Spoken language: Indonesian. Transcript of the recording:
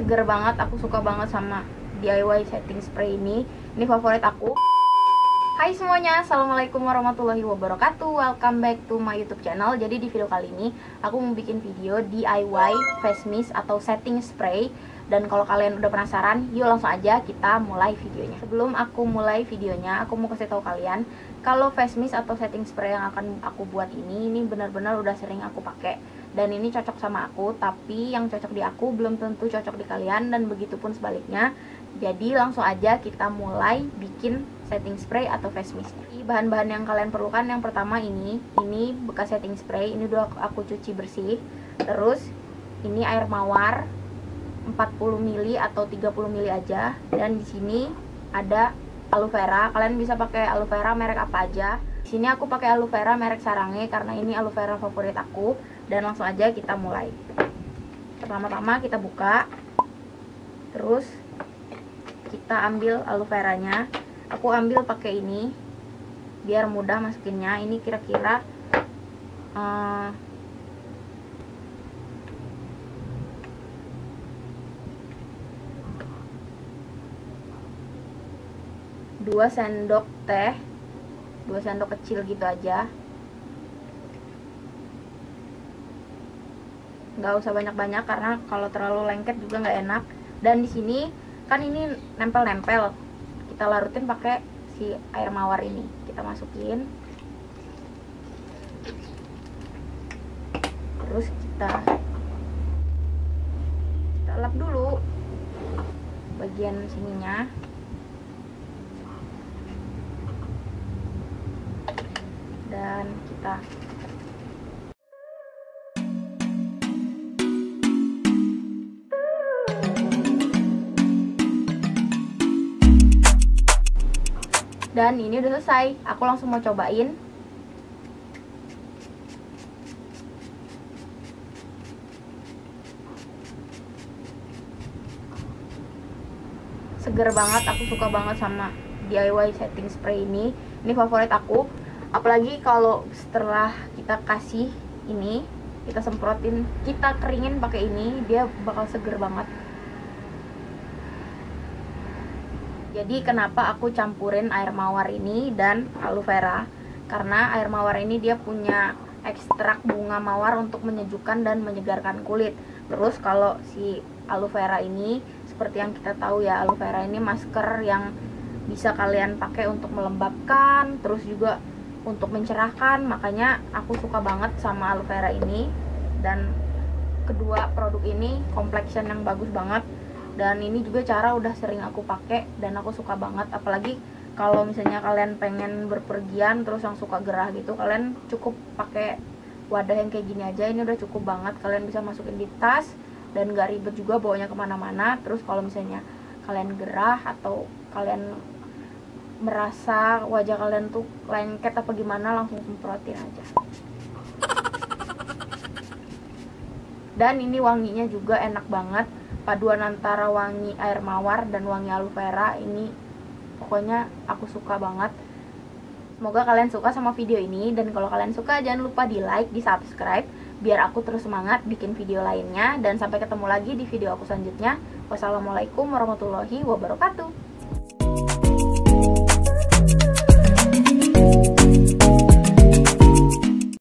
seger banget aku suka banget sama DIY setting spray ini ini favorit aku Hai semuanya, Assalamualaikum warahmatullahi wabarakatuh Welcome back to my youtube channel Jadi di video kali ini, aku mau bikin video DIY face mist atau setting spray dan kalau kalian udah penasaran, yuk langsung aja kita mulai videonya. Sebelum aku mulai videonya, aku mau kasih tahu kalian kalau face mist atau setting spray yang akan aku buat ini ini benar-benar udah sering aku pakai dan ini cocok sama aku, tapi yang cocok di aku belum tentu cocok di kalian dan begitupun sebaliknya. Jadi langsung aja kita mulai bikin setting spray atau face mistnya. Bahan-bahan yang kalian perlukan yang pertama ini, ini bekas setting spray, ini udah aku cuci bersih. Terus ini air mawar, 40 mili atau 30 mili aja dan di sini ada aloe vera kalian bisa pakai aloe vera merek apa aja di sini aku pakai aloe vera merek sarange karena ini aloe vera favorit aku dan langsung aja kita mulai pertama-tama kita buka terus kita ambil aloe veranya aku ambil pakai ini biar mudah masukinnya ini kira-kira eh, 2 sendok teh 2 sendok kecil gitu aja nggak usah banyak-banyak karena kalau terlalu lengket juga nggak enak dan di sini kan ini nempel-nempel kita larutin pakai si air mawar ini kita masukin terus kita kita lap dulu bagian sininya kita dan ini udah selesai aku langsung mau cobain seger banget aku suka banget sama DIY setting spray ini ini favorit aku apalagi kalau setelah kita kasih ini kita semprotin kita keringin pakai ini dia bakal seger banget jadi kenapa aku campurin air mawar ini dan aloe vera karena air mawar ini dia punya ekstrak bunga mawar untuk menyejukkan dan menyegarkan kulit terus kalau si aloe vera ini seperti yang kita tahu ya aloe vera ini masker yang bisa kalian pakai untuk melembabkan terus juga untuk mencerahkan makanya aku suka banget sama aloe vera ini dan kedua produk ini complexion yang bagus banget dan ini juga cara udah sering aku pakai dan aku suka banget apalagi kalau misalnya kalian pengen berpergian terus yang suka gerah gitu kalian cukup pakai wadah yang kayak gini aja ini udah cukup banget kalian bisa masukin di tas dan gak ribet juga bawanya kemana-mana terus kalau misalnya kalian gerah atau kalian merasa wajah kalian tuh lengket apa gimana langsung semprotin aja dan ini wanginya juga enak banget paduan antara wangi air mawar dan wangi aloe vera ini pokoknya aku suka banget semoga kalian suka sama video ini dan kalau kalian suka jangan lupa di like di subscribe biar aku terus semangat bikin video lainnya dan sampai ketemu lagi di video aku selanjutnya wassalamualaikum warahmatullahi wabarakatuh